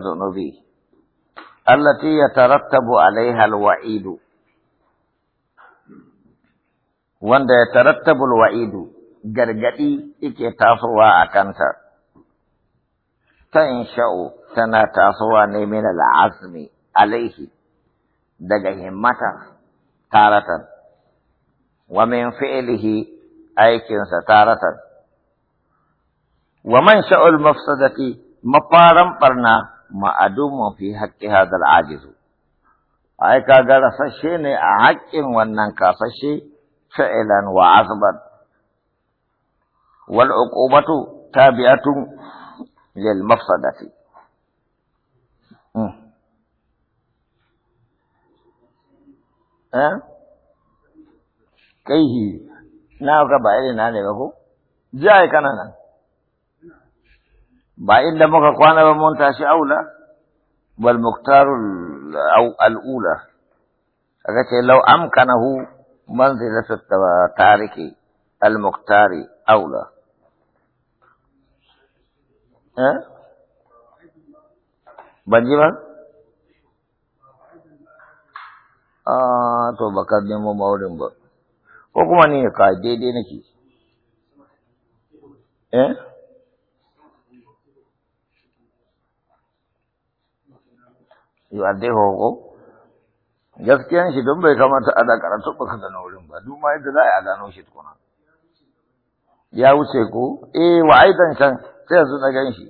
ذنوبه التي يترتب عليها الوعيد وند يترتب الوعيد جرجدي اكي تاسوا اكنت تنشأ سنة تاسوا من العزم عليه دجه متى تارة ومن فعله أيكن ستارة ومن شاء المفسدة مقارن قرنا ma'adumun fi haƙƙi hadal ajizu ai ka ga rasashe ne a haƙƙin wannan kasashe fa'ilan wa asbat wal uqubatu tabi'atun lil mafsadati hmm. eh? kaihi na ga ba irin na ne ba ko jai kana nan بعد إذا مك قانا بمنتاش أولى والمختار أو الأولى أكتش لو أمكنه منزلة التارك المختار أولى ها؟ بنجيبا آه تو بكر دي مو مورين بو وكما نيه قائد دي دي نكي ها؟ dai ko gaskiyan shi don bai kamata ana karatu ba ka gano wurin ba duk ma yadda za a gano shi tukuna ya wuce ko eh wa aidan can sai yanzu na gan shi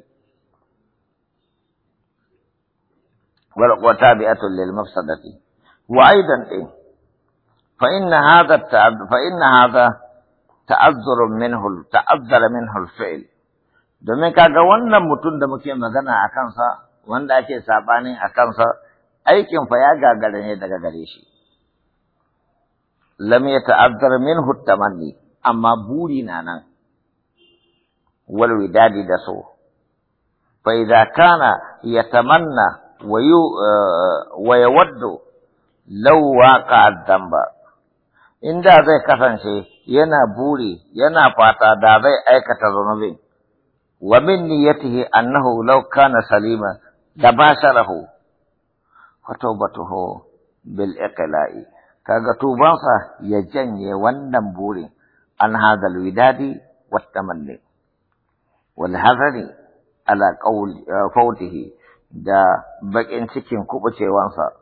wa tabi'atun lil mafsadati wa aidan din fa inna hadha fa inna hadha ta'azzur minhu ta'azzara minhu al-fi'l domin kaga wannan mutum da muke magana a kansa wanda ake saɓanin a kansa aikin fa ya gagara ne daga gare shi lam ya ta'azzar minhu tamanni amma buri na nan wal widadi da so fa idza kana yatamanna eh, wa yawaddu law waqa dhanba inda zai kasance yana buri yana fata da zai aikata zunubin wa min niyyatihi annahu law kana salima da ba sharahu fatobatuhu bil iqla'i kaga tubansa ya janye wannan burin an hadal widadi wat tamanni wal hazari ala qawl fautihi da bakin cikin kubucewansa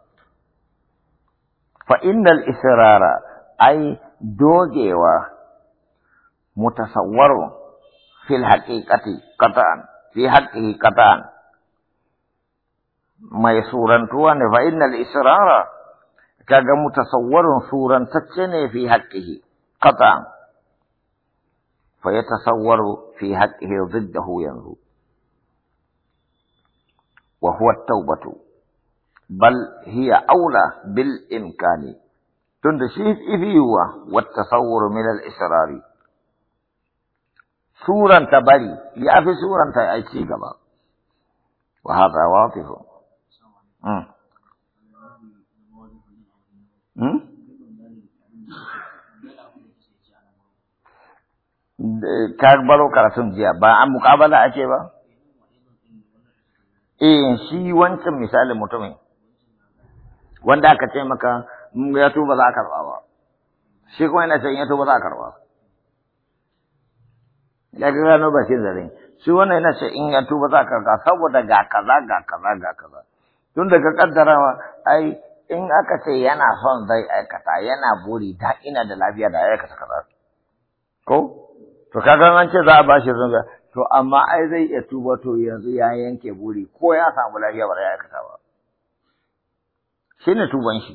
fa innal israra ai dogewa mutasawwaru fil haqiqati qat'an fi haqqihi qat'an mai surantuwa ne fa innal israra kaga mutasawwarun surantacce ne fi haqqihi qata fa yatasawwaru fi haqqihi diddahu yanzu wa huwa at-taubatu bal hiya aula bil imkani tunda shi ifiwa wat tasawwur min al israri suranta bari ya fi suranta ai ci gaba wa hada Hmm? Ka baro karatun jiya ba a mukabala ake ba? Eh shi wancan misalin mutumin wanda aka ce maka mm, ya tuba za a karba ba. Shi kuma yana ce ya tuba za a karba. ya gano shi zarin shi wannan yana ce in ya tuba za a karba saboda ga kaza ga kaza ga kaza tun daga kaddarawa ai in aka ce yana son zai aikata yana buri ta ina da lafiya da aikata kaza ko to kaga an ce za a bashi zanga to amma ai zai iya tuba to yanzu ya yanke buri ko ya samu lafiya ba ya aikata ba shine tuban shi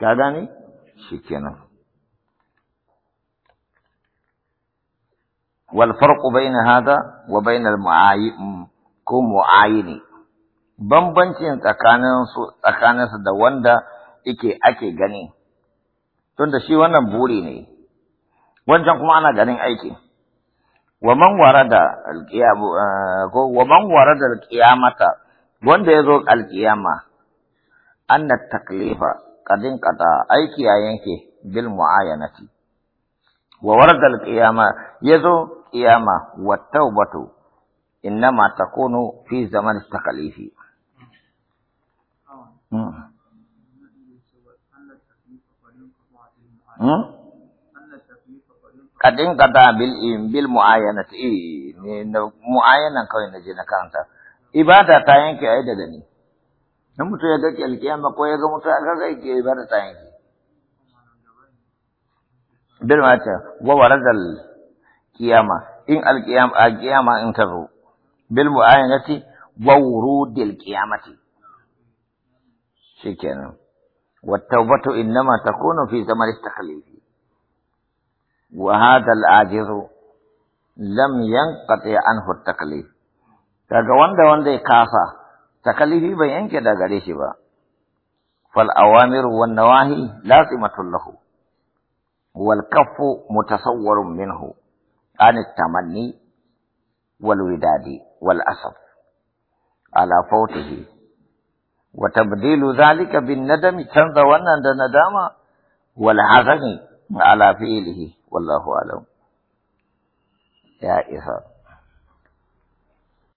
ka gane shikenan wal farqu baina hada wa baina al mu'ayyin bambancin tsakaninsu tsakaninsu da wanda ike ake gani tunda shi wannan buri ne wancan kuma ana ganin aiki wa man warada alqiyamu eh, ko wa man warada alqiyamata wanda yazo alqiyama anna taklifa qadin qata aiki ya yanke bil muayanati wa warada alqiyama yazo qiyama wa tawbatu ma takunu fi zaman takalifi Kadin kata bil bil ta, eh mu'ayyana kawai na je na karanta ibada ta yanke ai daga ni dan mutu ya ga alkiyama ko ya ga mutu aka ga yake ibada ta yanke bil mata wa waradal kiyama in alkiyama kiyama in ta zo bil mu'ayanati wa wurudil kiyamati. شكرا والتوبة إنما تكون في زمن التخليف وهذا العاجز لم ينقطع عنه التخليف تقوان دوان دي كافة تخليفي بيان كدا غريشي با فالأوامر والنواهي لازمة له والكف متصور منه عن التمني والوداد والأسف على فوته وتبديل ذلك بالندم تنظرن عند الندامة والعزم على فعله والله أعلم يا إخوان